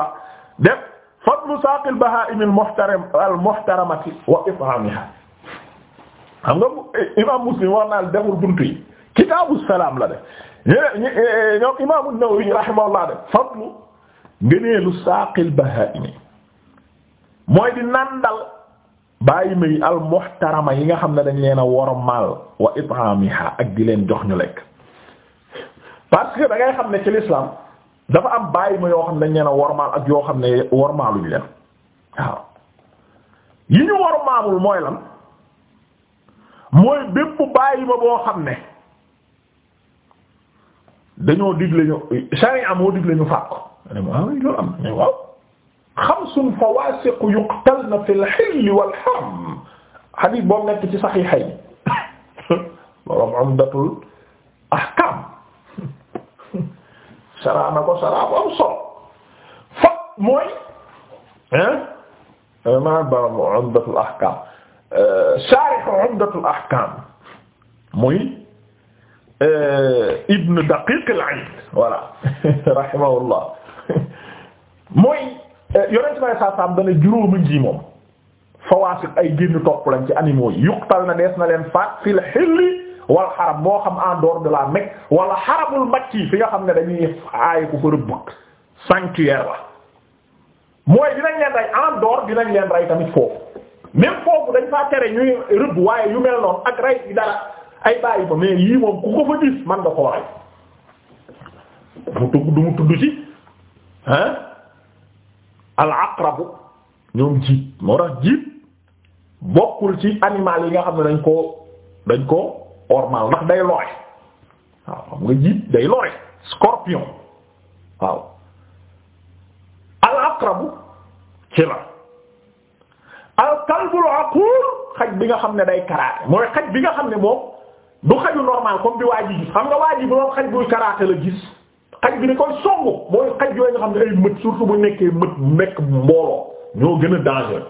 rahimahullah def fadlu saaqil bahaa'im al muhtaram wa it'amiha xam nga eh, imam muslim wax naa deful buntu yi kitaabu salaam la def eh, eh, ñoom imam an-Nawawi rahimahullah def fadlu ngëneelu saaqil bahaa'im mooy di nandal bàyyi may al yi nga xam ne dañ leen a wormaal wa it'amiha ak di leen jox ñu lekk parce que da xam ne ci l'islam dafa am bàyyi ma yoo xam ne dañ leen a wormaal ak yoo xam ne wormaaluñ leen waaw yi ñu wormaalul mooy lan mooy bépp bàyyi ma boo xam ne dañoo digle ñu sharia moo digle ñu faat ko ne ma waaw ah loolu na waaw xamsun fawaasiqu yuqtalna fil hilli wal haram hadith boo nekk ci saxiixay borom umdatul ahkam saraa na ko saraa bu am solo fab maa baram Umdatul Ahkam euh, sharih Umdatul Ahkam muy euh, Ibn Daqiq al-Id voilà rahimahullah mooy euh, yonent may saa saam dana juróoma ngi moom fawaasit ay génn topp lañ ci animaux yi yuqtal na dees na leen faat fil hilli wal xaram moo xam en dehors de la Mecque wala xaramul makki fi nga xam ne dañuy aay ku ko rëbb sanctuaire la mooy dinañ leen rey en dinañ leen rey tamit foofu même foofu dañ faa tere ñuy rëbb waaye yu mel noonu ak rey bi ay bàyyi ba mais yii moom ku ko fa gis man nga koo rey mu tudd du mu tudd ci ah al aqrabu ñoom jiit moo tax jiit bokkul ci animal yi nga xam ne dañ koo dañ ko ormal ndax day lore waaw xam nga jiit day lore scorpion waaw al aqrabu ci al kalbul aqur xaj bi nga xam ne day karaate mooy xaj bi nga xam ne moom du xaju normal comme bi waa ji gis xam nga waa ji bi moom xaj buy karaate la gis xaj bi ni koy songu mooy xaj yooyu nga xam ne ay mët surtout bu nekkee mët nekk mbooloo ñoo gën a dangereux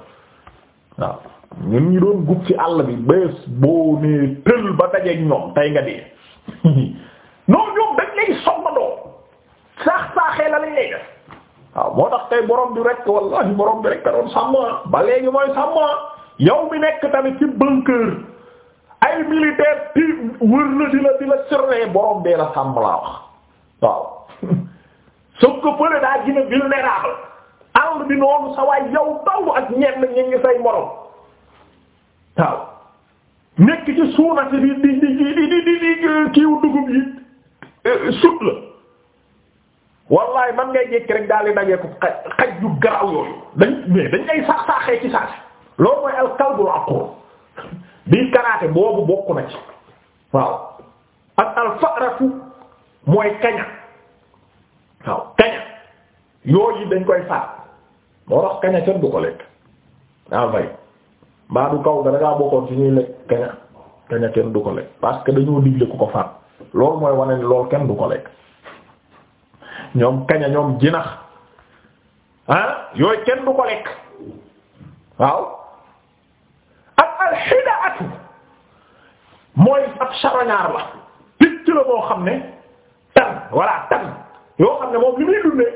waaw ñun ñu doon gub ci àll bi bés boo nee tël ba dajeeg ñoom tey nga dee ñoom ñoom dañ lay soxandoo saax saaxee la lañ lay def waaw moo tax tey borom bi rek wallahi borom bi rek ka doon sàmm ba léegi mooy sàmm yow mi nekk tamit ci bunker ay militaire ti wër la di la di la surveiller borom bee la sàmm wax waaw soo ko përe daa gën a vulnérable bi noonu sa waay yow taw ak ñenn ñi ngi say morom. waaw nekk ci suuna si di di di di di di kiiw dugub yi sut la wallaay man ngay jékki rek daal di dajeeku xaj xaj yu garaaw yooyu dañ mais dañ ngay sax saaxee ci saasi loolu mooy alkalbul aqur bii karaate boobu bokk na ci waaw ak alfaratu mooy kaña waaw kaña yooyu dañ koy faat moo tax kaña kenn du ko lekk waaw mbaa du kaw nga da ngaa bokkoon ci ñuy lekk kaña kaña kenn du ko lekk parce que dañoo digle ku ko faat loolu mooy wane ni kenn du ko lekk ñoom kaña ñoom jinax ah yooyu kenn du ko lekk waaw ak alxida atu mooy ab charognard la picc la boo xam ne tan walla tan yoo xam ne moom li muy dundee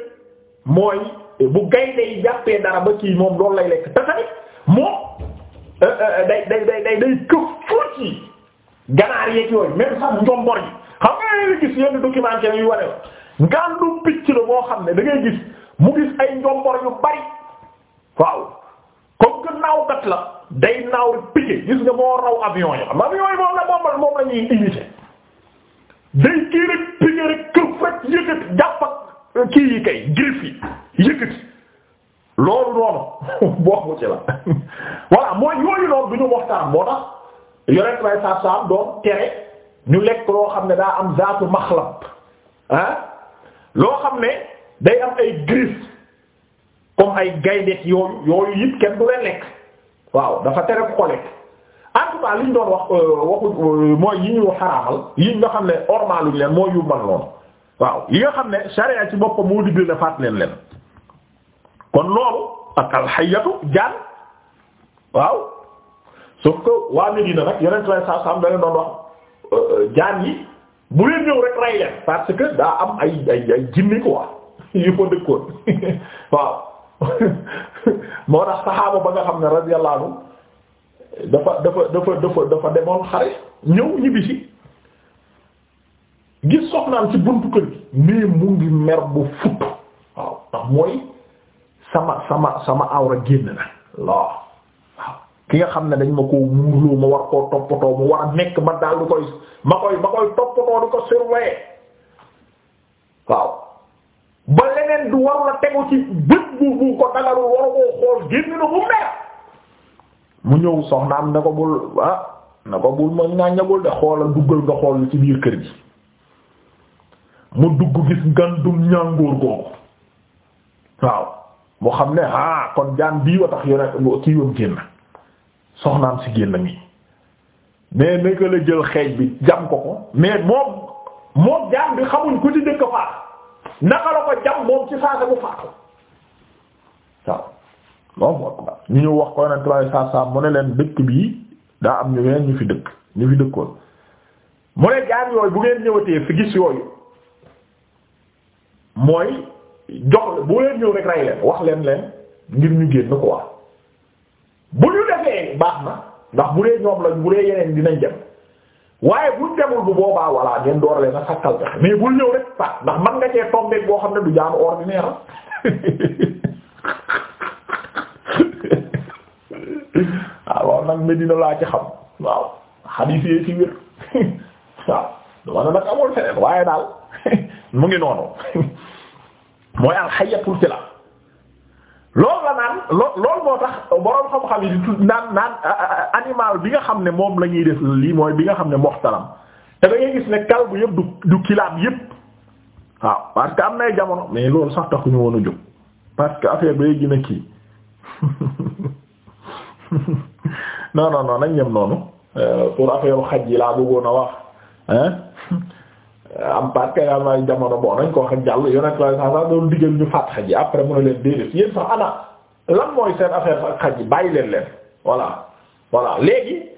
mooy bu gaynde yi jàppee dara ba kii moom loolu lay lekk te tamit moom Euh, euh, euh, day day day day day këf fuut yi ganaar yeeg yooyu même sax njombor yi xam nga yéen gis yenn documentaire yu wane la ngandum picc la moo xam ne dangay ngay gis mu gis ay njombor yu bari waaw comme que naawkat la day naaw rek piqué gis nga moo raw avion yi xam avion yi moom la moom moom la ñuy imité day kii rek piqué rek këf rek yëkkati jàpp kii yi kay griffe yi loolu noonu bokku ci la voilà mooy yooyu noonu bi ñu waxtaan moo tax yore may saab saab doon tere ñu lekk loo xam ne daa am zaatu maxlab ah loo xam ne day am ay gris comme ay gayndeek yooyu yooyu yit kenn du leen lekk waaw dafa tere ku ko lekk en li ñu doon wax euh, waxu euh, mooy yi ñu xaraamal yi nga xam ne ormaaluñ leen mooy yu man noonu waaw yi nga xam ne sharia ci boppam moo digle ne faat leen leen kon loolu ak alxayatu jaan waaw sauf que waa Medina nag yeneen traité saa saa mu leen doon wax euh, jaan yi bu leen ñëw rek rey daa am ay ay ay jinne quoi yu fa dëkkoon waaw moo tax saxaaba ba nga xam ne radiyallahu anhu dafa dafa dafa dafa dafa demoon xare ñëw ñibbisi gis soxnaam ci buntu kër gi mu ngi mer bu futt waaw ndax mooy. sama sama sama awra génn na loo waaw ki nga xam ne dañ ma koo muurloo ma war koo toppatoo mu war a nekk ma daal du koy ma koy toppatoo du ko surveiller waaw ba leneen du waru tegu ci bët bu bu ko dagarul waru koo xool génn na mu mer mu ñëw soxnaam na ko bul ah na ko bul ma naa de xoolal duggal nga xool ci biir kër gi mu dugg gis ngandum ñàngoor googu waaw mu xam ne ah kon jaan bii wa tax ci kii wam génn soxnaam si génn mi mais naka la jël xeej bi jam ko ko mais moom moom jaan bi xamuñ ku ci dëkk faatu naka la ko jam moom ci saasa bu faatu wax ko yonent bi saa mu ne leen dëkk bii daa am ñu ween ñu fi dëkk ñu fi dëkkoon mu ne jaan yooyu bu ngeen ñëwatee fi gis yooyu mooy jox bu leen ñëw rek rey leen wax leen leen ngir ñu génn ko wax bu ñu defee baax na ndax bu dee ñoom lañ bu dee yeneen dinañ dem waaye buñ demul bu boobaa walla ngeen door leen a sakkal pexe mais bul ñëw rek pat ndax man nga cee tombé boo xam ne du jaanu ordinaire ah waaw nag Medina laa ci xam waaw xadiis yi ci wér waaw dama ne nag amul feneen waaye daal mu ngi noonu. mooy alxayatul fila loolu la naan loolu moo tax boroom xam-xam yi di tudd naan naan animal bi nga xam ne moom la ñuy def lii mooy bi nga xam ne moxtaram te da ngay gis ne kalbu yëpp du du kilaab yëpp waaw parce que am nay jamono mais loolu sax taxuñu woon a jóg parce que affaire bay gën a kii non non noonu euh, pour affaire xaj yi laa bëggoon a wax hein Euh, am parce que am ay jamono bon nañ ko wax ak jàll yonent la saa saa doon ñu faat xaj yi après mu ne leen déedéet yéen sax ana lan bàyyi leen leen voilà voilà léegi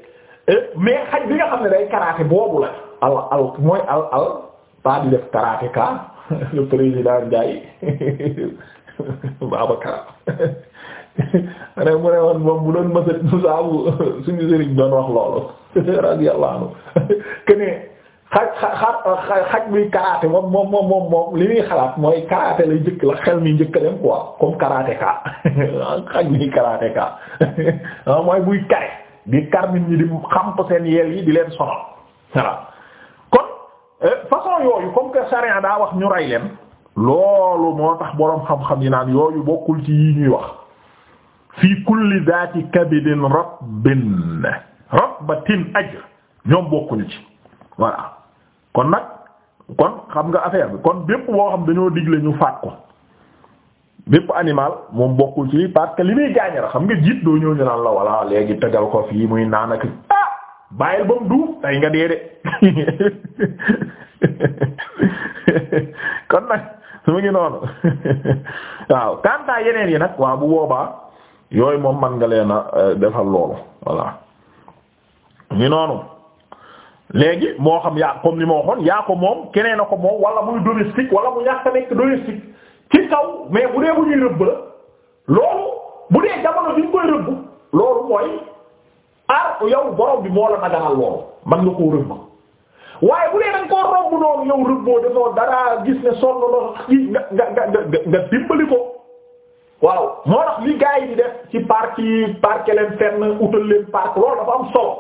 euh, mais xaj bi nga ne day karaté boobu la al al mooy al al pas di def karaté ka le président Ndiaye Babacar ne mu ne woon moom bu doon mësa saabu wax loolu radiyallahu anhu xaj xaj xaj buy karaté moom moom moom moom moom li muy xalaat mooy karaté lay njëkk la xel mi njëkk dem quoi comme karaté ka xaj buy karaté ka ah mooy buy kare di kar nit ñi di xamp seen yeel yi di leen sonal voilà kon euh, façon yooyu comme que daa wax ñu rey leen loolu moo tax boroom xam-xam yi naan yooyu bokkul ci yi ñuy wax fii kulli zaati kabidin rabbin rabbatin ajr ñoom bokkuñu ci voilà. kon nag kon xam nga affaire bi kon bépp boo xam dañoo digle ñu faat ko bépp animal moom bokkul ci parce li muy gaañ la xam nga jiit doo ñëw ñu naan la walla léegi tegal ko fii muy naan ak ah bàyyil ba mu du tey nga dee de kon nag su ma ngi noonu waaw kantaa yeneen yi nag waa bu boobaa yooyu moom man nga leen a euh, defal loolu voilà ngi noonu léegi moo xam yaa comme li ma waxoon yaa ko moom keneen a ko moom wala muy domestique wala mu ñàkk a nekk domestique ci kaw mais bu dee bu ñuy rëbb la loolu bu dee jamono bi ñu koy rëbb loolu mooy aar ah yow borom bi moo la naganal loolu man nga koo rëbb waaye bu dee da koo romb noonu yow rëbboo defoo dara gis ne sol lool kii nga nga nga nga dimbali ko waaw moo tax li gars yi di def ci parc yi parc leen fenn utal leen parc loolu dafa am solo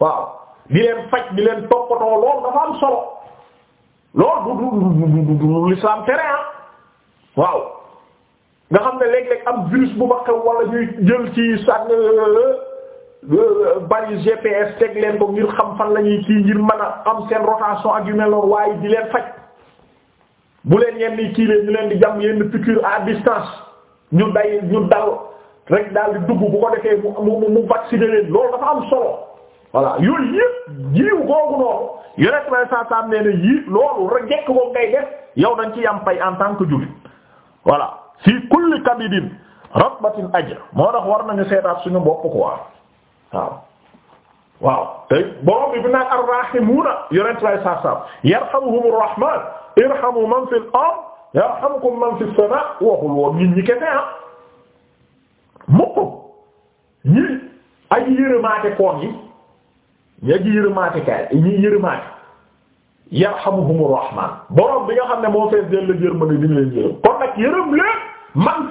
waaw. di leen faj di leen toppatoo loolu dafa am solo loolu du du du l'islam tere ah waaw nga xam ne léeg-léeg am virus bu ba xew wala ñuy jël ci sànn euh, euh, euh, bari GPS teg leen ko ngir xam fan la ñuy kii ngir mën a am seen rotation ak yu waaye di leen faj bu leen yenn di kii leen ñu leen di jàmm yenn piqûre à distance ñu day ñu dal rek daal di dugg bu ko defee mu mu mu vacciner leen loolu dafa am solo. voilà yooyu yëpp yiw googu noonu yonent bay saasaam nee na yii loolu rek jekk ko ngay def yow dañ ci yam pay en tant que jullit voilà fi kulli kabidin ratbatin ajr moo tax war nañu seetaat suñu bopp quoi waaw waaw tey borom bi bi naan arrahimuuna yonent bay saasaam yarhamuhumur man fil ard yarhamukum man fis samaa waxul woon nit ah. ay yërëmaate koon yi ña ngi yërëmaate kaay ñi yërëmaate yarhamuhumur rahman borom bi nga xam ne moo fees dell la yërmande dina leen yërëm kon nag yërëm leen man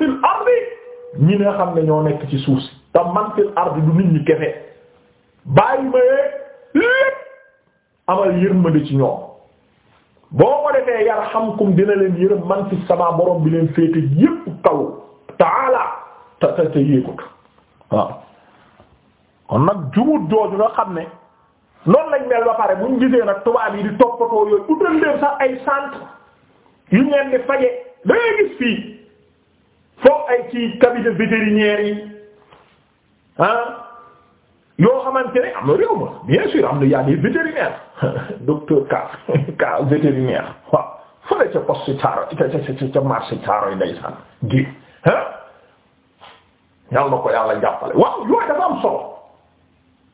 nga xam ne ñoo nekk ci suuf si te man fil ardi du nit ñi kese bàyyi ma lépp amal yërmande ci ñoom boo ko defee yarhamkum dina leen yërëm man fi sama borom bi leen féete yépp kaw taala ta ta ta yéegut waaw kon nag jubut jooju nga xam ne. noonu lañ mel ba pare buñ gisee nag tubaab yi di toppatoo yooyu utal leen sax ay yu ngeen di faje da ngay gis fii foofu ay ci cabinet vétérinaire yi ah, yoo xamante ne am na réew ma bien sûr am na yaa des vétérinaires docteur Ka Ka vétérinaire waaw fële ca poste caaro ca ca ca marché caaro yi ndeysaan gi ah yàlla na ko yàlla jàppale waaw yooyu dafa am solo.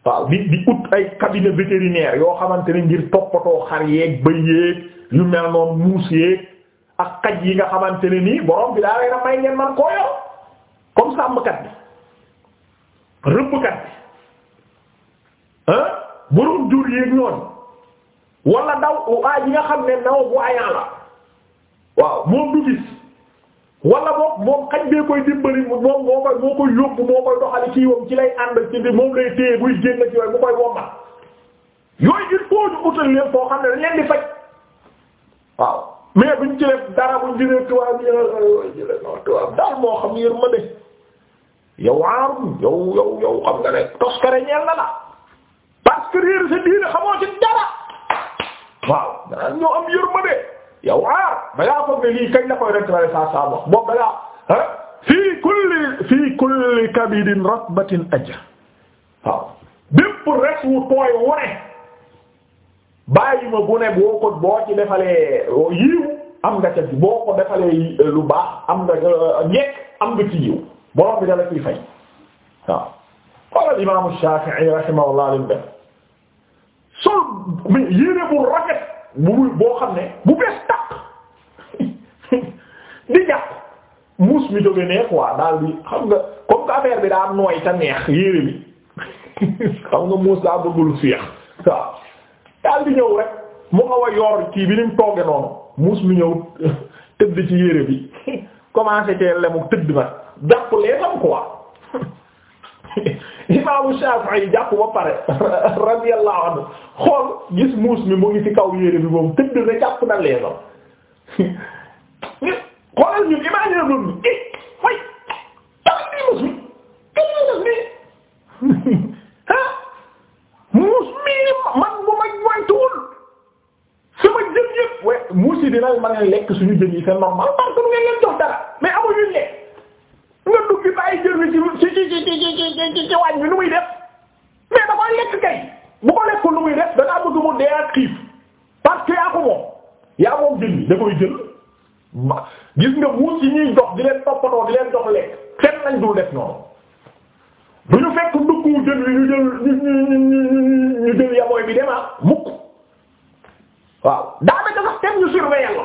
waaw di di ut ay cabinet vétérinaire yoo xamante ne ngir toppatoo xar yeeg bëy yeeg yu mel noonu muus yeeg ak xaj yi nga xamante ne nii borom bi daa leena may ngeen man koo yor comme sàmmkat bi rëbbkat bi ah borom jur yeeg ñoon wala daw waa yi nga xam ne naw bu ayant la waaw moom du gis wala moom moom xaj bee koy dimbali moom moo koy moo koy yóbbu moo koy doxali ci wam ci lay ànd ci bi moom lay téye buy génn ci yooyu mu koy wommat yooyu il faut ñu utal leen foo xam ne dañ leen di faj waaw mais buñ ci def dara buñ jëlee tubaab yi jëlee tubaab daal moo xam yéen ma de yow aarum yow yow yow xam nga ne toskare ñeel na la parce que réer sa diine xamoo ci dara waaw daan ñoo am yërmande yow ah da ngaa foog ne lii kañ la koy retrait saa saa wax boobu da ngaa ah fii kulli fii kulli kabidin ratbatin ajr waaw bépp res wu tooy wone bàyyi ma bu ne boo ko boo ci defalee yiiw am nga ca boo ko defalee eh, lu baax am nga eh, ñekk am nga ci yiw borom bi dala ciy fay waaw. xoolal imaamu Shaafi'i rahimahullah lim def sol yéene bu rafet. bu muy boo xam ne bu bees tàq di jàpp muus mi jóge neex quoi daal di xam nga comme que affaire bi daa nooy ta neex yére bi xam nga muus daa bëggul féex waaw daal di ñëw rek mu xaw a yor kii bi ni mu tooge noonu muus mi ñëw tëdd ci yére bi commencé cee lemu tëdd ma jàpp lee tam quoi imaamu Shafi'i jàpp ba pare radiyallahu anhu xool gis muus mi mu ngi ci kaw yére bi moom tëdd na jàpp na leesam xoolal ñun imaginer doon bi i eh, way tax di muus mi kena def nii ah muus mii man bu ma moytuwul sama jën yëpp wa muus yi dina mën a lekk suñu jën yi c'est normal parce que leen jox dara mais amuñu lekk nga duggi bàyyi jër ni ci ci ci ci ci ci wàñ nu muy def mais da koy lekk kay bu ko lekkul nu muy def dangaa bëgg mu dee ak parce que yaa ko moom yaa moom jël da koy jël gis nga muus yi ñuy dox di leen toppatoo di leen dox lekk fenn nañ dul def noonu bu ñu fekk nduggu jën wi ñu jël ñu jël yamooy bi dem mukk waaw daanaka sax kenn ñu surveiller la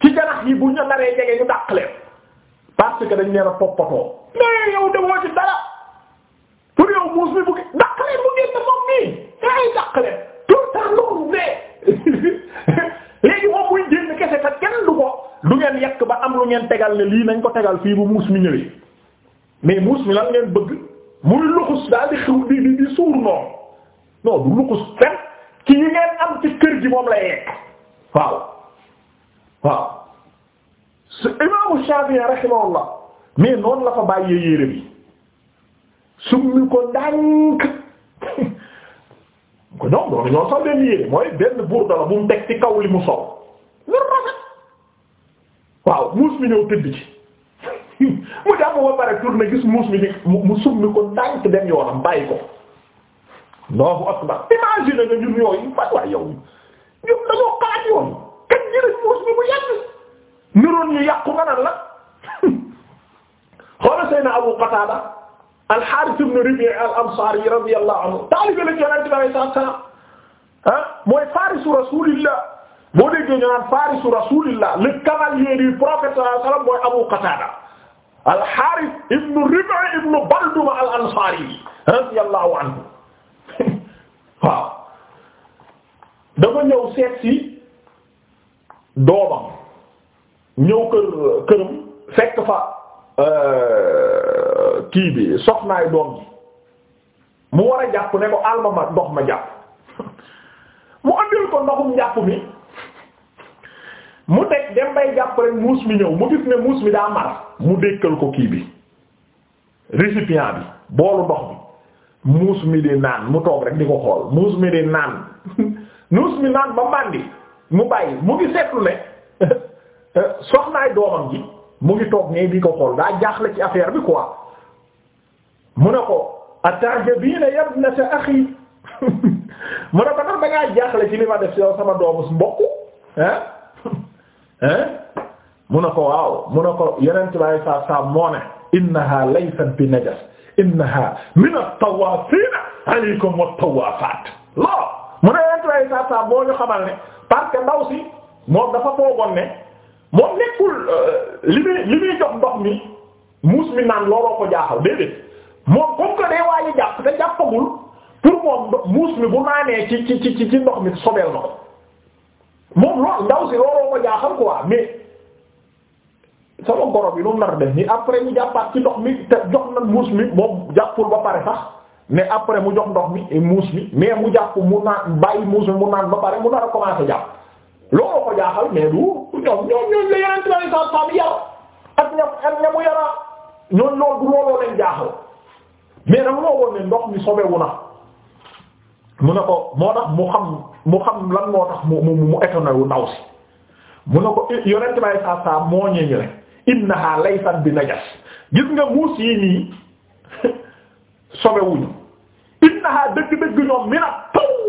ci janax yi bu ñu naree jege ñu dàq leen parce dañ leen a toppatoo mais yow defoo ci dara pour yow muus mi bu ki daq leen mu génn moom nii ay daq leen tout le temps loolu de léegi moom muy génn kese te kenn du ko du ngeen yekk ba am lu ngeen tegal ne lii nañ ko tegal fii bu muus mi ñëwee mais muus mi lan ngeen bëgg muy luxus daal di xew di di di suur noonu non du fen ci yi ngeen am ci kër gi moom la yekk waaw waaw su imaamu Shaafi'i rahimahullah mais noonu la fa bàyyee yére bi summi ko ndànk ko ñoom doon ñoo sol leen yére mooy benn burda la bu mu teg kaw li mu sol lu rafet waaw muus mi ñëw mu jàpp ba pare tourné gis muus mi ni dem yoonam bàyyi ko Allahu akbar imagine nga yoon kan jëriñ muus mi mu yàgg niroon ñu yàqu nga naan la xoolal Seydina Abu Qatada al-Harith ibn Rabi' al-Ansari radiyallahu anhu taalibe la Yonent mooy farisu rasulillah boo déggee ñu naan farisu rasulillah le cavalier du prophète sallallahu alayhi wasallam mooy Abu Qatada al-Harith ibn Rabi' ibn Baldama al-Ansari anhu waaw ñëw kër këram fekk fa euh, kii bi soxnaay doom ji mu war a jàpp ne ko alma ndox ma jàpp mu andil ko ndoxum jàpp mi mu teg dem bay jàpp rek muus mi ñëw mu gis ne muus mi daa mar mu dékkal ko kii bi récipient bi boolu ndox bi muus mi di naan mu toog rek di ko xool muus mi di naan muus mi naan ba màndi mu bàyyi mu ngi seetlu ne Euh, soxnaay doomam ji mu ngi toog ne di ko xool daa jaaxle ci affaire bi quoi ne ko atajabiina yabnata axi mu ne ko ndax da ngaa jaaxle ci li def yow sama doomu su mu ne ko waaw mu ne ko yeneen tubaab yi saa saa moo ne. moom nekkul euh, li muy li muy jox ndox mi muus mi naan looloo ko jaaxal déedéet moom comme que day waaye jàpp te jàppagul pour moom muus mi bu naanee ci ci ci ci ndox mi sobeel na ko moom lool ndaw si looloo ko jaaxal quoi mais sama goro bi lu mu nar def ni après ñu jàppaat ci ndox mi te jox na muus mi moom jàppul ba pare sax mais après mu jox ndox mi muus mi mais mu jàpp mu naan bàyyi muus mi mu naan ba pare mu nar a commencer jàpp. looloo ko jaaxal mais du ñoom ñoom ñoom la yeneen traité sans sable yar ak ña ak ña yara ñoom loolu du looloo leen jaaxal mais nag moo woon ne ndox mi sobewu na mu ne ko moo tax mu xam mu xam lan moo tax mu mu mu étonné wu ndaw si mu ne ko yonent saa saa moo ñeeñu rek innaha laysat bi najas gis nga muus yi nii sobewuñu innaha dëgg-dëgg ñoom mi nag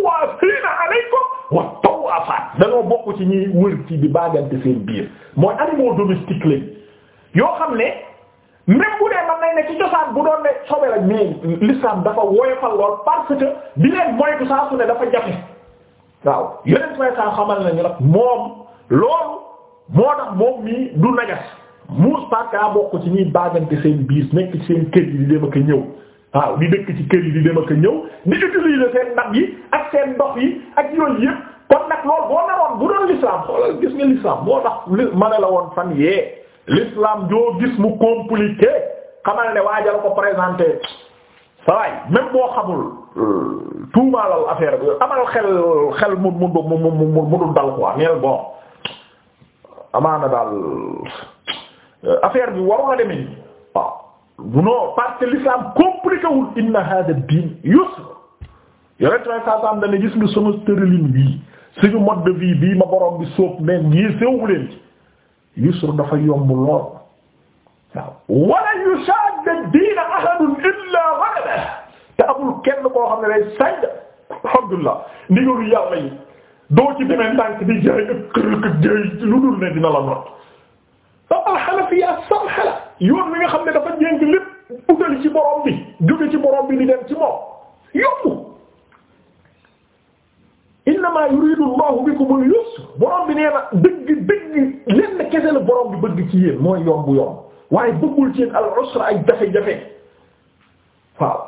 tawaafiina alaykum wa tawaafaat dañoo bokk ci ñuy wër bi di baagante seen biir mooy animaux domestiques lañ yoo xam ne même bu dee man nañ ne ci cosaan bu doon ne sobe la mais dafa woyofal lool parce que di leen moytu saa su ne dafa jafe waaw yeneen may saa xamal nañu nag moom loolu moo tax moom mii du nagas muus parce que ci ñuy baagante seen biir nekk ci seen kër yi di dem ak ñëw. waaw di dëkk ci kër yi di dem ak ñëw di utiliser seen ndab yi ak seen ndox yi ak yooyu yëpp kon nag loolu boo naroon bu doon l'islam xoolal gis nga l'islam moo tax ma la woon fan yee l'islam joo gis mu compliqué xamal ne waajal ko présenté saway même boo xamul euh, tuumaalal affaire bi amal amaana daal euh, affaire bi waru la demee waaw non parce que l'islam compliqué wul inna hada diin yusr yonent may saasaam dana gis nga sama tërëlin bii suñu mode de vie bii ma borom bi sóob neen yii séwu leen ci yusr dafa yomb lool waaw wala yushad diina ahadun illa ghalaba te amul kenn koo xam ne day sañ alhamdulillah ndigalu yàlla yi doo ci demee ndànk di jaay ak kërëk ak jaay lu borom bi jóge ci borom bi di dem ci moom yóbbu innama yuridu allahu bikumul yusr borom bi nee na dëgg dëgg lenn kese la borom bi bëgg ci yéen mooy yomb yomb waaye bëggul ci yéen al usra ay jafe-jafe waaw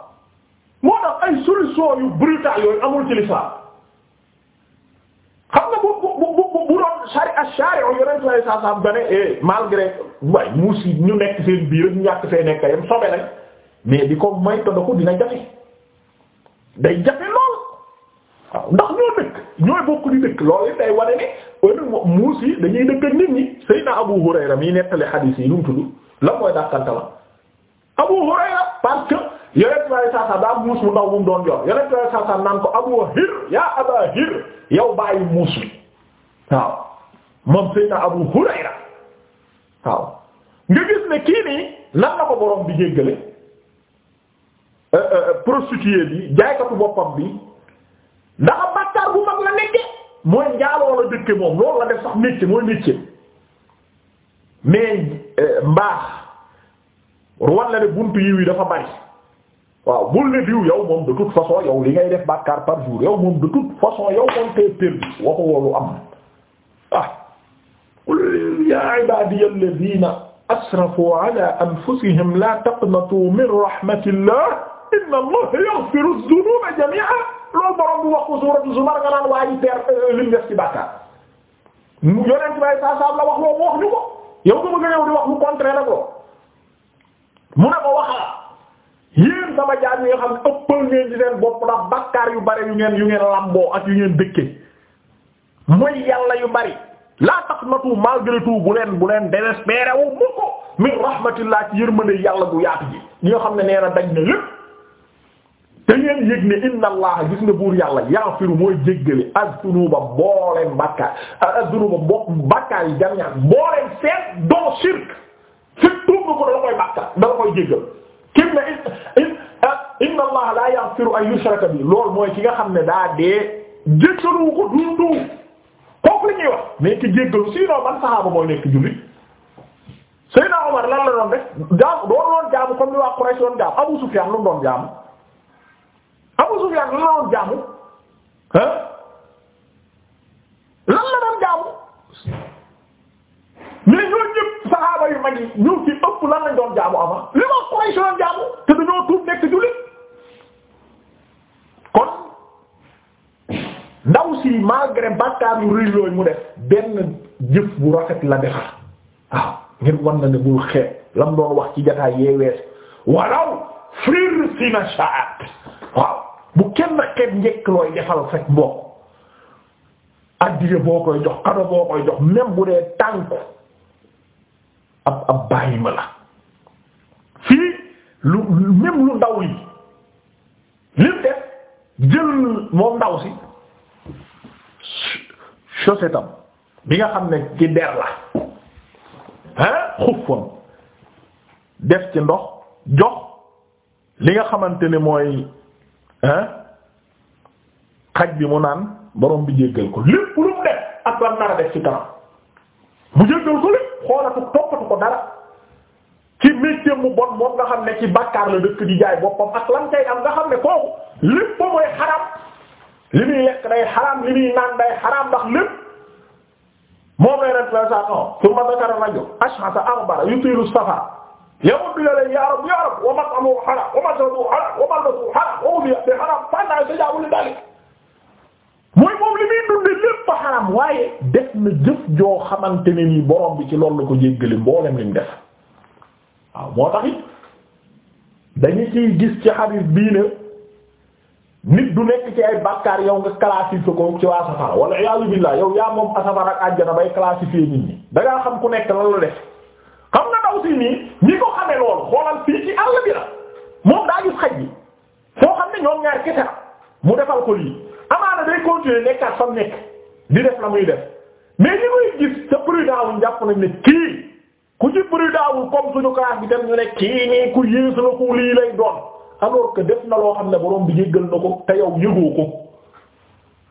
moo tax ay solution yu brutal yooyu amul ci l'islam xam nga bu bu bu bu bu doon shari a shari o yonent sallallahu alayhi wasallam dane eh, malgré waaye muus yi ñu nekk seen biir ñu ñàkk fee nekk yam sobe nag mais di ko moytandiku dina jafe day jafe lool waaw ndax ñoo dëkk ñooy bokk di dëkk loolu day wane ne muus yi dañuy dëkk ak nit ñi Seydina Abu Hurayra mi nettali xadiis yi lu mu tudd la mooy dàqantala Abu Hurayra parce que yonent bi doon yor saa saa yow bàyyi muus mi waaw moom Seydina Abu Hurayra waaw nga gis ne kii nii nan la ko borom bi jéggale Euh, euh, euh, prostituée bi jaaykatu boppam bi ndax bàkkaar bu mag la nekke mooy njaaloo la dëkke moom loolu la def sax métier mooy métier mais mbaax ruwan la buntu yiw yi dafa bari waaw bul ne diw yow moom de façon yow li ngay def bàkkaar par jour yow moom de façon yow moom tey perdu am ah qul ya ibadiya alladhina asrafu ala anfusihim la taqnatu min rahmatillah inna allaha yaghfiru dhunuba jami'an loolu borom bu wax ko suuratu zumar nga waaye euh, lim def ci bàkkaar mu yonent bay ko yow nga bëgg a ñëw di ne sama jaar yi xam ëppal ngeen di leen bopp ndax bakkaar yu bari yu ngeen yu ngeen lamboo ak yu ngeen dëkke mooy yàlla yu bari laa taqnatu malgré tout bu leen bu leen désespéré wu mu ko min rahmatillah ci yërmande yàlla bu yaatu ji ñi xam ne nee daj na lépp te ngeen yëg ne inna allah gis nga buur yàlla yaghfiru mooy jéggale az-zunuba booleem bàkkaar az-zunuba bokk bàkkaar yi jami'an booleem seet doo shirk surtout nga ko da la koy bàkkaar da la koy jéggal ah, la yaghfiru an yushraka bi loolu mooy ki ga xam ne daa dee jéggalu ko dundu kooku li ñuy wax mais ki jéggalu sinon ban saxaaba mooy nekk jullit Seydina Omar lan la doon def jaamu doon doon jaamu comme li waa Quraysh doon jaamu Abu Sufyan lu doon jaamu lan la doon jaamu lan la doon jaamu mais yu mag yi ñu ci ëpp lan lañ doon jaamu avant li ma Quraysh doon jaamu te dañoo tuub nekk jullit kon ndaw si malgré bàkkaar yu rëy yooyu mu def benn jëf bu rafet la defar waaw ah, ngir wan na ne bul xeeb lam doon wax ci jotaay yee wees walaw frir si na shaat bu kenn xeeb njëkk looy defal fekk bokk addiya boo koy jox kado boo koy jox même bu dee tànku ab ab bàyyi la fii lu même lu ndaw li lim def jël moom ndaw si chaussettam bi nga xam ne ci der la ah xufam def ci ndox jox li nga xamante ne mooy ah xaj bi mu naan borom bi jéggal ko lépp lu mu def ak lan nar a def ci kanam bu jéggal ko lépp xoolatu toppatu ko dara ci métier mu bon moom nga xam ne ci bàkkaar la dëkk di jaay boppam ak lan kay am nga xam ne kooku lépp ba mooy xaram li muy lekk day xaram li muy naan day xaram ndax lépp moom lay ren sa non su ma dakara rajo ashasa arbara yutilu safar yamuddu ilayhi ya rab ya rab wa mat'amuhu haram wa mashrabuhu haram wa malbasuhu haram wa ghudhiya bi haram fa anna yustajaabu li dhalik mooy moom li muy dundee lépp a xaram waaye def na jëf joo xamante ne nii borom bi ci loolu la ko jéggale mboolem li mu def waaw moo tax it dañu ciy gis ci xadiis bii ne nit du nekk ci ay bàkkaar yow nga classifié ko ci waa safara wala iyaazu billaah yow yaa moom asafara ak àjjana bay classifié nit ñi da ngaa xam ku nekk lan la def. ndaw si nii ñi ko xamee loolu xoolal fii ci àll bi la moom daa gis xaj bi foo xam ne ñoom ñaar kese mu defal ko lii amaana day continuer nekkaat fa mu di def la muy def mais ñi muy gis te prudent wuñ jàpp nañ ne kii ku ci prudent wul comme suñu classe bi dem ñu ne kii nii ku yéesu la lii lay doon alors que def na loo xam ne borom bi jéggal na ko te yow yëgoo ko.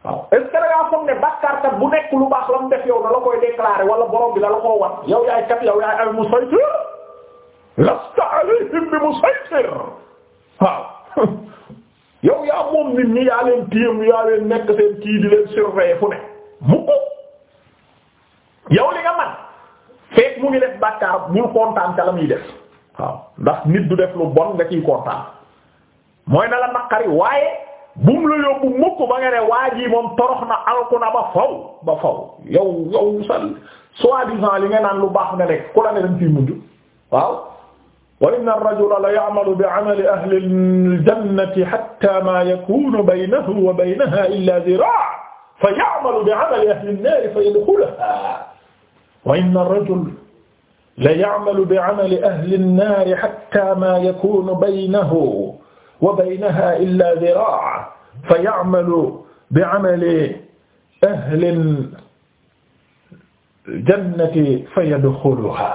waaw est-ce que da kat bu nekk lu baax la mu def yow da la koy déclarer wala borom bi da la koo wan yow yaay kat yow yaay al musaytir lasta alayhim bi musaytir waaw yow yaa moom nit ñi yaa leen téyam yaa leen nekk seen kii di leen surveiller fu ne mu ko yow li nga man fekk mu ngi def bàkkaar bul kontaan ca la muy def waaw ndax nit du def lu bon nga ciy kontaan mooy na la naqari waaye bum la yóbbu mukk ba nga ne waa ji moom torox na alku na ba faw ba faw yow yow sa soi-disant li nga naan lu baax nga nekk ku la ne dem fii mujj waaw wa inna ar-rajula la ya'malu bi'amali ahli al-jannati hatta ma yakunu baynahu wa baynaha illa dhira' fa ya'malu bi'amali ahli an-nar fa yadkhuluha wa inna ar-rajula la ya'malu bi'amali ahli an-nar hatta ma yakunu baynahu wa baynaha illa diraa fa ya'malu bi'amali ahli jannati fa yadxuluha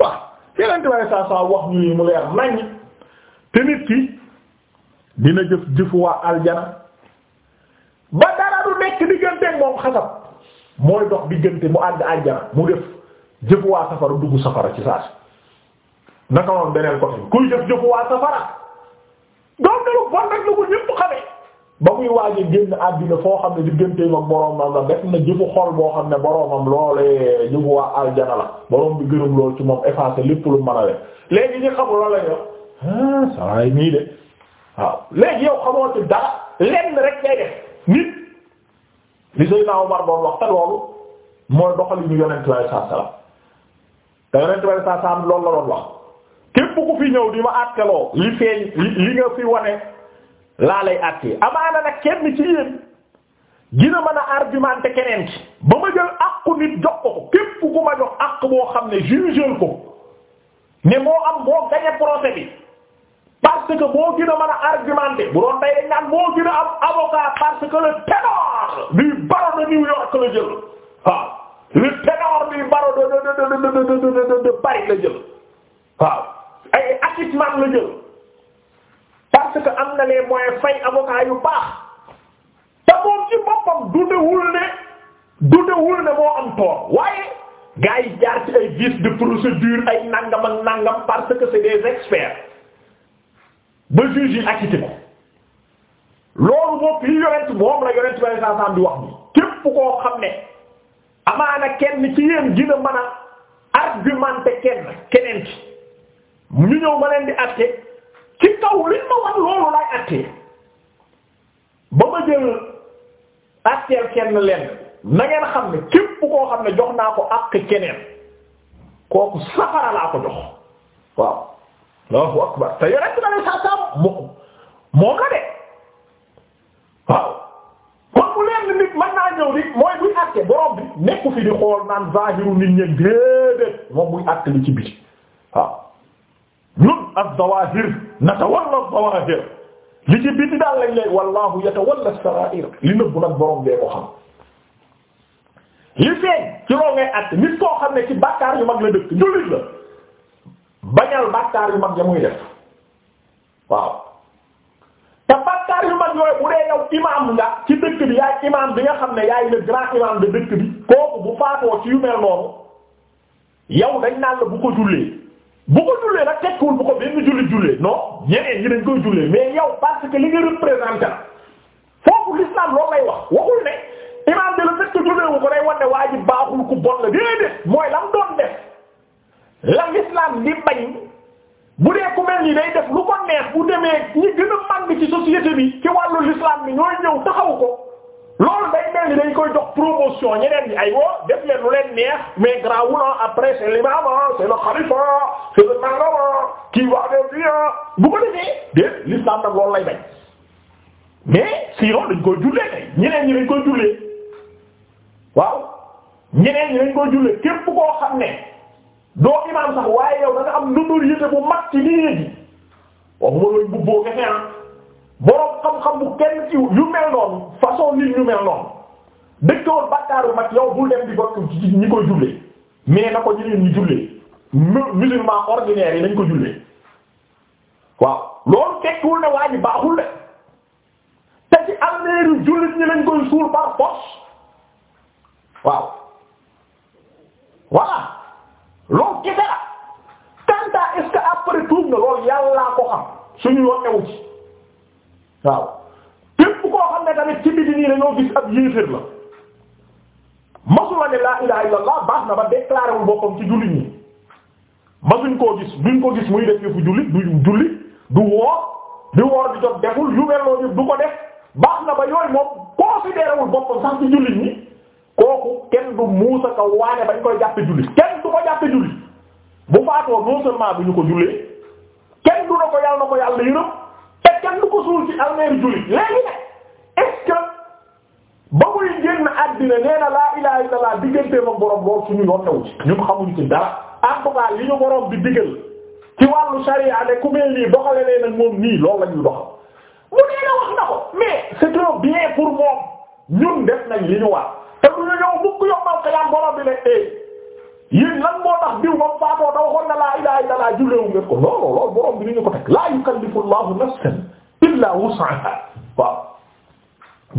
waaw yeneen tubaab saa saa wax ñu mu leer naññ te nit ki dina jëf jëfu waa aljana ba dara du nekk digganteeg moom xasab mooy dox diggante mu àgg aljana mu def jëfu waa safara dugg safara ci saa si naka woon beneen côté kuy jëf jëfu waa safara. doom na lu bon rek lu ko ñëpp xamee ba muy waaje génn àddina foo xam ne digganteem ak boroomam la def na jëfu xol boo xam ne boroomam loolee jëfu waa aljana la boroom bi gërëm lool ci moom effacé lépp lu mën a léegi ñu xamul la lay wax ah saa de waaw léegi yow xamoo ci dara lenn rek ngay nit li Seydina Omar doon wax te loolu mooy doxalinu Yonent bi sallallahu te Yonent bi sallallahu alayhi wasallam loolu wax. képp ku fi ñëw di ma àtteloo li feeñ li nga fi wane laa lay àttee amaana nag kenn ci yéen dina mën a argumenter keneen ci ba ma jël àqu nit jox ko képp ku ma jox àq boo xam ne jugeel ko ne moo am moo gañe procès bi parce que boo gën a mën a argumenter bu doon tey naan boo gën a am avocat parce que le ténor du barreau de New York la jël waaw le ténor du barreau de de de de de de la jël waaw. ay acquittement la jël parce que am na les moyens fay avocat baax te moom ci boppam dundewul ne dundewul ne moo am tort waaye gars yi jaar ci ay vices de procédure ay nangam ak parce que c'est des experts ba juge yi acquitté ko loolu bopp li yonent moom la yonent bay saasan wax képp koo xam ne amaana kenn ci yéen dina mën a argumenter kenn keneen ñu ñëw ma leen di àtte ci kaw liñ ma wan loolu laay àtte ba ma jël àtteel kenn lenn na xam ne képp koo xam ne jox naa ko àq keneen kooku safara laa ko jox waaw Allahu ko mu leen nit mën naa ñëw nit mooy buy àtte borom bi nekku fi di xool naan zahiru nit ñeen déedéet moom buy àtte li ci biti waaw ñun az-zawahir natawalla az-zawahir li ci biti daal lañ lay wallahu yatawalla as-sarair li nëbbu nag borom bee ko xam li feeñ ci loo ngay àtt nit koo xam ne ci bàkkaar yu mag la dëkk jullit la bañal bàkkaar yu mag ya muy def waaw te bàkkaar yu mag yooyu bu dee yow imaam nga ci dëkk bi yaay imaam bi nga xam ne yaay le grand imaam de dëkk bi kooku bu faatoo ci yu mel noonu yow dañ naan la bu ko jullee bu ko na nag tekkiwul bu ko benn julli jullee non ñeneen ñi dañ koy jullee mais yow parce que li nga représenté la foofu l'islam loolu lay wax waxul ne imam de la fekk julleewu ko day wone waa ji baaxul ku bon la déedéet mooy lam doon def la l'islam di bañ bu dee ku mel ni day def lu ko neex bu demee ñi gën a màgg ci société bi ci wàllu l'islam bi ñooy ñëw taxaw ko loolu day mel ni dañ koy jox promotion ñeneen ñi ay woo def leen lu leen neex mais grawul après c'est l'imam c'est le ki c'est le nangama kii waagee bi bu ko defee déet l'islam nag loolu lay bañ mais sinon dañ koy jullee kay ñeneen ñi dañ koy jullee waaw ñeneen ñi dañ koy jullee képp koo xam ne doo imam sax waaye yow da nga am notoriété bu mag ki lii léegi waxuma loolu bu boo kese ah boroom xam-xam bu kenn ci yu mel noonu façon nit ñu mel noonu dëkkoon bakkaaru mag yow bul dem di bokk ci koy jullee mais na ko ñeneen ñi jullee musulman ordinaire yi lañ ko jullee waaw loolu tekkiwul ne waa ji baaxul de te ci almeeri jullit ñi lañ koy suul par force waaw voilà loolu kese la tant est-ce tuub na loolu yàllaa ko xam suñu yoon newu ci waaw képp ko xam ne tamit ci biti nii dañoo gis ak yéeféer la masu la ne laa ilaha baax na ba déclaré wu boppam ci jullit ñi masuñ koo gis duñ ko gis muy def yëfu jullit du jullit du woor du woor di jot deful yu mel noonu du ko def baax na ba yooyu moom considéré wul boppam sax ci jullit ñi kooku kenn du muusa ka waane bañ koy jàppe jullit kenn du ko jàppe jullit bu faatoo non seulement bu ñu ko jullee kenn du na ko yàlla ko yàlla yërëm kenn du ko suul ci almeeri jullit léegi ne est ba muy génn àddina nee na laa ilaaha illallaah digganteem ak borom boobu suñu yoon taw ci ñun xamuñ ci dara en tout ñu borom bi digal ci wàllu sharia ne ku mel nii doxale leen moom nii loolu la doxal mu nee na na ko mais c'est trop bien pour moom ñun def nañ li ñu war te du ñu ñëw mukk yombal ko yaan borom ne eh. yéen lan moo tax diw ba faatoo da waxoon na laa ilaaha illallaah julleewu ko non non loolu borom ni ñu ko teg laa yukallifu llaahu nafsan illaa wus'ahaa waaw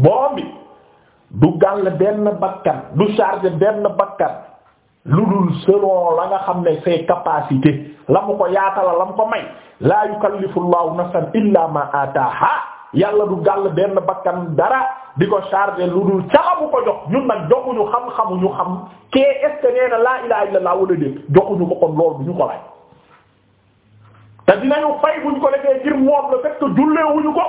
borom bi du gàll benn bakkan du chargé benn bakkan lu dul selon la nga xam ne ses capacités la ko yaatala la mu ko may laa yukallifu llaahu nafsan illaa maa aataahaa yàlla du gàll benn bakkan dara. di ko chargé lu dul caabu ko jox ñun nag joxuñu xam-xamu ñu xam kee est nee na laa ilaha illallah wala déet joxuñu ko kon loolu bu ñu ko laaj. te dinañu fay buñ ko defee ngir moom la fekk julleewuñu ko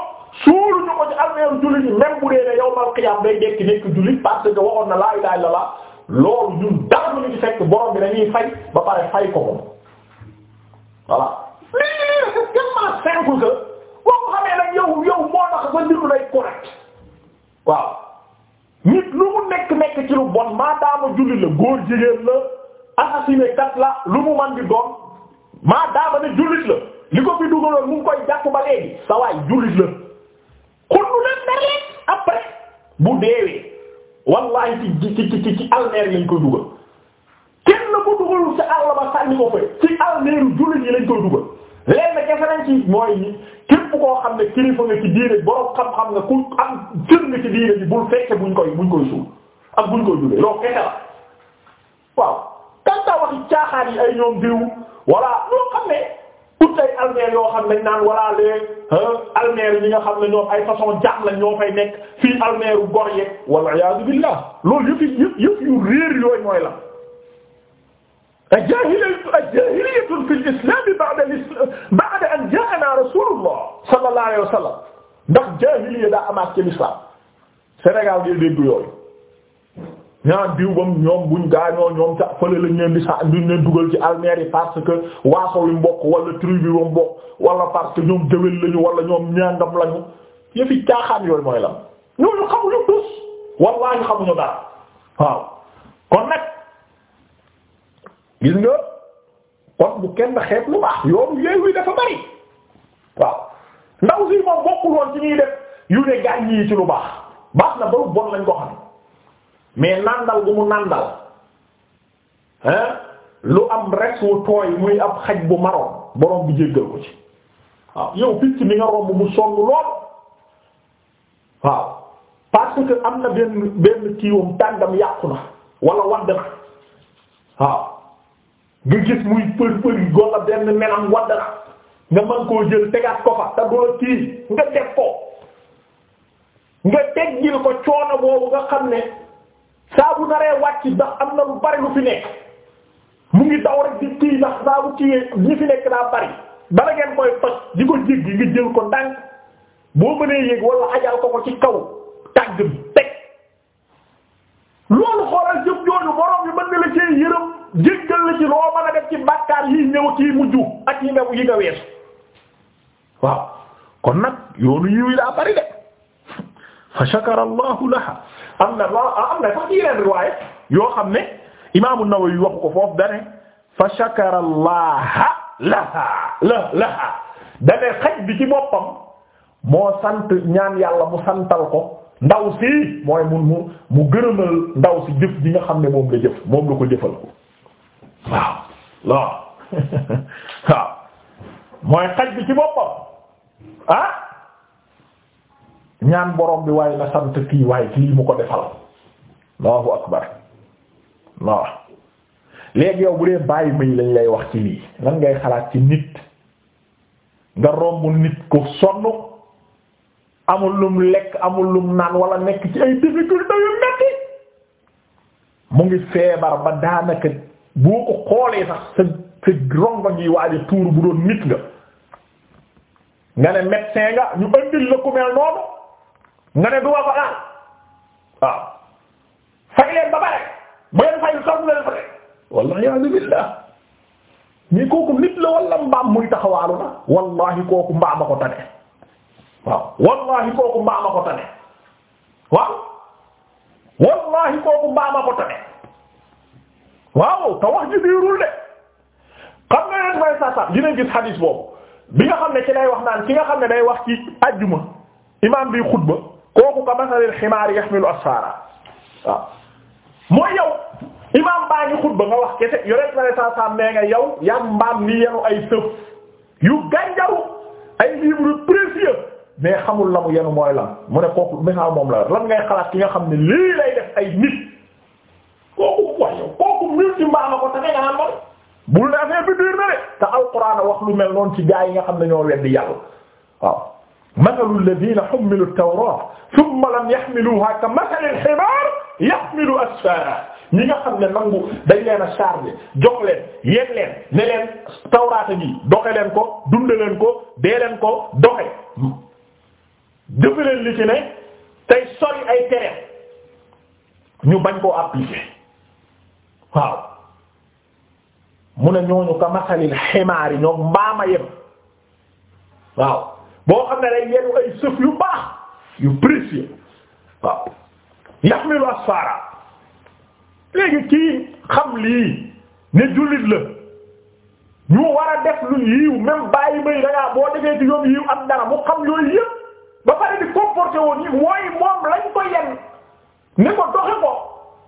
suuluñu ko ci almeeru jullit yi bu dee ne yawmal qiyaam day dekk nekk jullit parce que waxoon na laa ilaha illallah loolu ñun dara ñu ci fekk borom bi dañuy fay ba pare fay ko moom voilà. lii lii la c'est tellement simple que boo xamee nag yow yow moo waaw nit lu mu nekk nekk ci lu bon maadaama julli la góor jigéen la assassiné kat la lu mu man di doon maadaama ne jullit la li ko fi dugaloon mu ngi koy jàpp ba léegi sa waay jullit la xullu nag darleen après bu deewee wallahi ci ci ci ci almeer lañ koy dugal kenn la ko dugalul ci àll ba sànni ko fa ci almeeru jullit yi lañ koy dugal leen na kese nañ ci mooy képp ko xam ne kilifa nga ci diine borom xam-xam nga ku am cër nga ci diine bul fekke buñ koy buñ koy suul ak buñ koy jullee loolu fekke la waaw kanta waxi caaxaan ay ñoom diw walla loo xam ne ut ay almeer yoo xam ne naan walla les almeer yi nga xam ne ñoom ay façon jaam lañ ñoo fay nekk fii almeeru gor yeeg walla iyaazu billah loolu yëpp yëpp yu réer yooyu mooy la jaahiliyatun fil islaam ba'da ba'da an jaa'anaa rasuulullah sallallahu alayhi wa sallam ndax jaahiliya daa amaat ci lislaam Sénégal yooyu ñaan diw bam ñoom buñ gaañoo ñoom ca fële lañ leen di sa duñ leen dugal ci almeer yi parce que waaso yu mbokk wala tribu mbokk wala parce que ñoom géwél lañu wala ñoom ñaangam lañu yëfi caaxaan yooyu mooy lan ñooñu xamuñu tus wallaahi xamuñu dara waaw kon nag gis nga kon bu kenn xeet lu baax yoonu yéew yi dafa bari waaw ndaw si moom bokkul woon ci ñuy def yu ne gaañ yi ci lu baax baax na ba lu bon lañ ko xam mais nàndal gu mu nàndal hein lu am res wu tooy muy ab xaj bu maroon borom bu jéggal ko ci waaw yow picc mi nga romb mu sonn lool waaw parce que am na benn benn kiiwam tàngam yàqu na walla wadd na waaw nga gis muy për për gola benn menam waddana nga mën koo jël tegaat ko fa te doo kii nga def ko nga teggil ko coono boobu nga xam ne saa bu naree wàcc ndax am na lu bari lu fi nekk mu ngi daw rek di kii ndax saa bu kii ñi fi nekk daa bari bala ngeen koy toj di ko jéggi nga jël ko ndànk boo mënee yéeg wala ajal ko ko ci kaw tàgg teg loolu xoolal jëf jooju borom bi mën na la cee yërëm jéggal la ci loo mën a def ci bàkkaar yi ñëw ci ak yi nga yi waaw kon nag yoonu yiw yi bari de fa shakara allahu laha am na ah am yoo xam ne imaam an-Nawawi waxu ko foofu dane fa shakara xaj bi ci boppam moo sant ñaan yàlla mu santal ko ndaw si mooy mun mu mu gërëmal ndaw si jëf bi nga xam ne moom la jëf moom la ko jëfal ko waaw lool waaw mooy xaj bi ci boppam ah ñaan boroom bi waaye na sant kii waaye kii mu ko defal allahu akbar waaw léegi yow bu dee bàyyi mañ lañ lay wax ci lii lan ngay xalaat ci nit nga romb nit ku sonn amul lum lekk amul lum naan wala nekk ci ay difficulté yu metti mu ngi feebar ba daanaka boo ko xoolee sax sa sa rongo ngi waaja tuur bu doon nit nga nga ne médecin nga ñu andil la ku mel noonu nga ne du ko daal waaw fay leen ba bare ba leen fay xam leen fay wallahi alhamdulillah mais kooku nit la wala mbaam muy taxawaalu na wallahi kooku mbaama ko tane waaw wallahi kooku mbaama ko tane waaw wallahi kooku mbaama ko tane waaw te wax ji diirul de xam nga yéen may sasam dinañ gis xadiis boobu bi nga xam ne ci lay wax naan ki nga xam ne day wax ci ajjuma imaam bi xutba kooku ka masalil ximaar yaxmilu asfaara waaw mooy yow imaam baa ngi xutba nga wax kese yoreet lay sasam nee nga yow yam mbaam ni yenu ay sëf yu gànjaru ay livres précieux mais xamul la mu yenu mooy lan mu ne kooku misaal moom la lan ngay xalaat ki nga xam ne lii lay def ay nit ngir ci mbaax la ko taxe nga naan man bul ne affaire bi diir na de te alquran wax lu mel noonu ci gaa yi nga xam ne ñoo weddi yàlla waaw mathalu alladhina hummilu at-tawrata thumma lam yahmiluha ka asfara ñi nga xam ne nangu dañ leen a chargé jox leen yéeg leen ne leen tawraata ji doxe leen ko dunde leen ko dee ko doxe dëfe leen li ci ne tey ay tere ñu bañ koo appliquer waaw mu ne ñooñu ka masalil ximaar yi ñoom mbaama yem waaw boo xam ne day yenu ay sëf yu baax yu précieux waaw yaxmilu asfara léegi kii xam lii ne jullit la ñu war a def lu yiw même bàyyi may dangaa boo defee ci yoon yiw am dara mu xam yooyu yëpp ba pare di comporté woon yi mooy moom lañ ko yenn ne ko doxe ko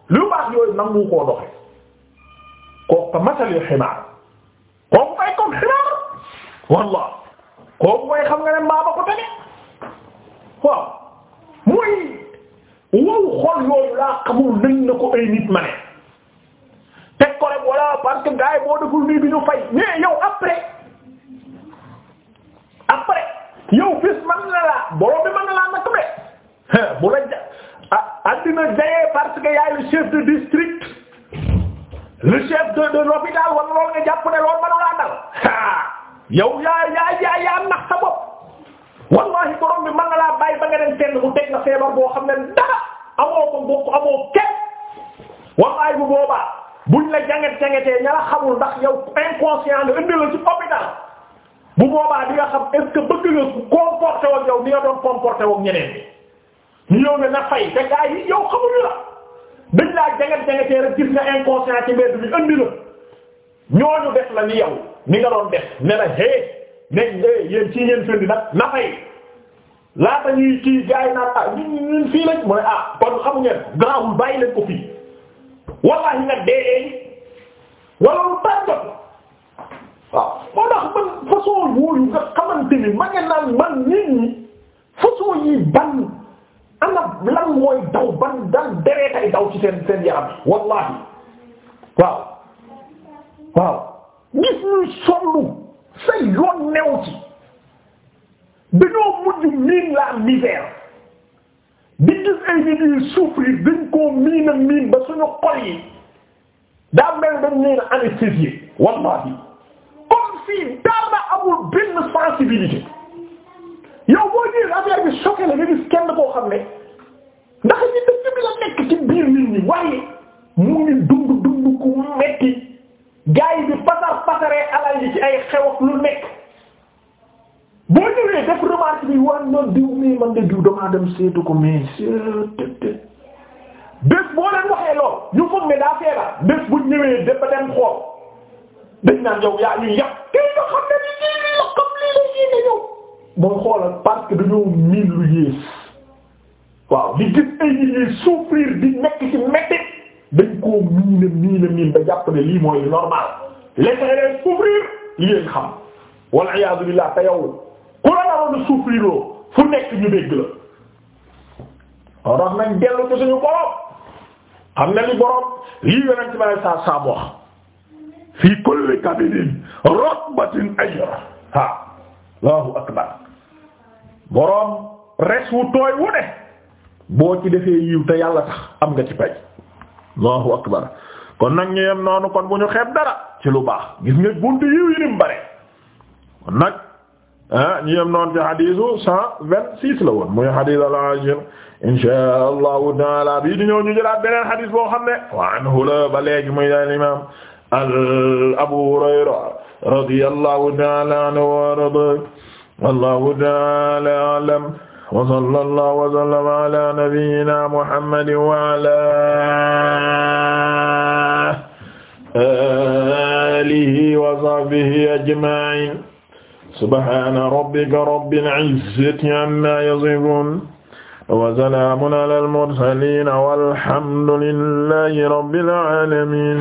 lu baax yooyu nangu koo doxe kooku ko masalil ximaar kooku mooy comme ximaar wallah kooku mooy xam nga ne mbaam a ko tane waaw muy wow xol yooyu laa xamul nañ ko ay nit ma ne teg ko rek walla parce que bi ñu fay nga indi la ci bu boobaa di nga xam est ce que bëgg nga comporté woon yow ni nga doon comporté woon ñeneen ñi ñu ne na fay te gaa yi yow xamuñu la dañ laa jangat jangatee rek gis nga inconscient ci mbedd bi indi la ñooñu def la ni yow ni nga doon def ne la hey ne yéen ci ngeen fendi nag na fay laata ñuy kii gaa yi naan ah ñun ñun fii lañ mooy ah kon xamu ngeen garaawul bàyyi leen ko fii wallaahi nag dee wala lu tànn. bi ma man nit ñi façon yi ban ana lan daw ban dal dereetay daw ci seen seen yaram wallahi waaw waaw gis ñuy sollu sa yoon new ci dañoo mujj miin la misère di gis ay nit yi souffrir dañ koo miin a miin ba suñu xol yi daa mel dañ leen anesthésier wallahi fii dara amul benn sensibilité yow boo jëlee affaire bi choqué la nga gis kenn koo xam ne waaye mu ngi dund dund ku metti gaa yi bi pasar pasaree alal yi ci ay xew ak lu nekk boo ñëwee def remarque bi wan noon diw mii man de diw damaa dem seetu ko mais seet bés boo leen waxee lool ñu foog ne daa feebar bés bu ñëwee dafa dem xool dañ naan yow yaa ñuy yàq kii nga xam ne nii la xam lii la ne yow. mooy xoolal parce que dañoo miin lu yées waaw di gis ay nit ñuy souffrir di nekk ci métti dañ koo miin miin miin ba jàpp ne lii mooy normal laissez les souffrir li ngeen xam wal iyaadu billaah te ku la naroon a souffrir loo fu nekk ñu dégg la. waaw ndax nañ dellu ci suñu borom xam na li borom lii yonent bi sallallahu alayhi wasallam wax. fii kulli kabidin rotbatin ajra ha Allahu akbar boroom res wu tooy wu ne boo ci defee yiw te yàlla tax am nga ci pay Allahu akbar kon nag ñu yem noonu kon bu ñu xeeb dara ci lu baax gis nga buntu yiw yi ni mu bare kon nag ah ñu yem noonu ci xadiisu cent vingt six la woon muy xadiis al-ashir inshaa Allahu taala bii di ñëw ñu jëlaat beneen xadiis boo xam ne wa anhu la ba léegi muy daal imaam Abu Hurayra radiyallahu ta'ala anhu wa ardaahu wallahu ta'ala a'lam wa sallallahu wa sallama ala nabiyyina Muhammadin wa ala alihi wa sahbihi ajma'in subhana rabbika rabbil izzati amma yasifun وسلام على المرسلين والحمد لله رب العالمين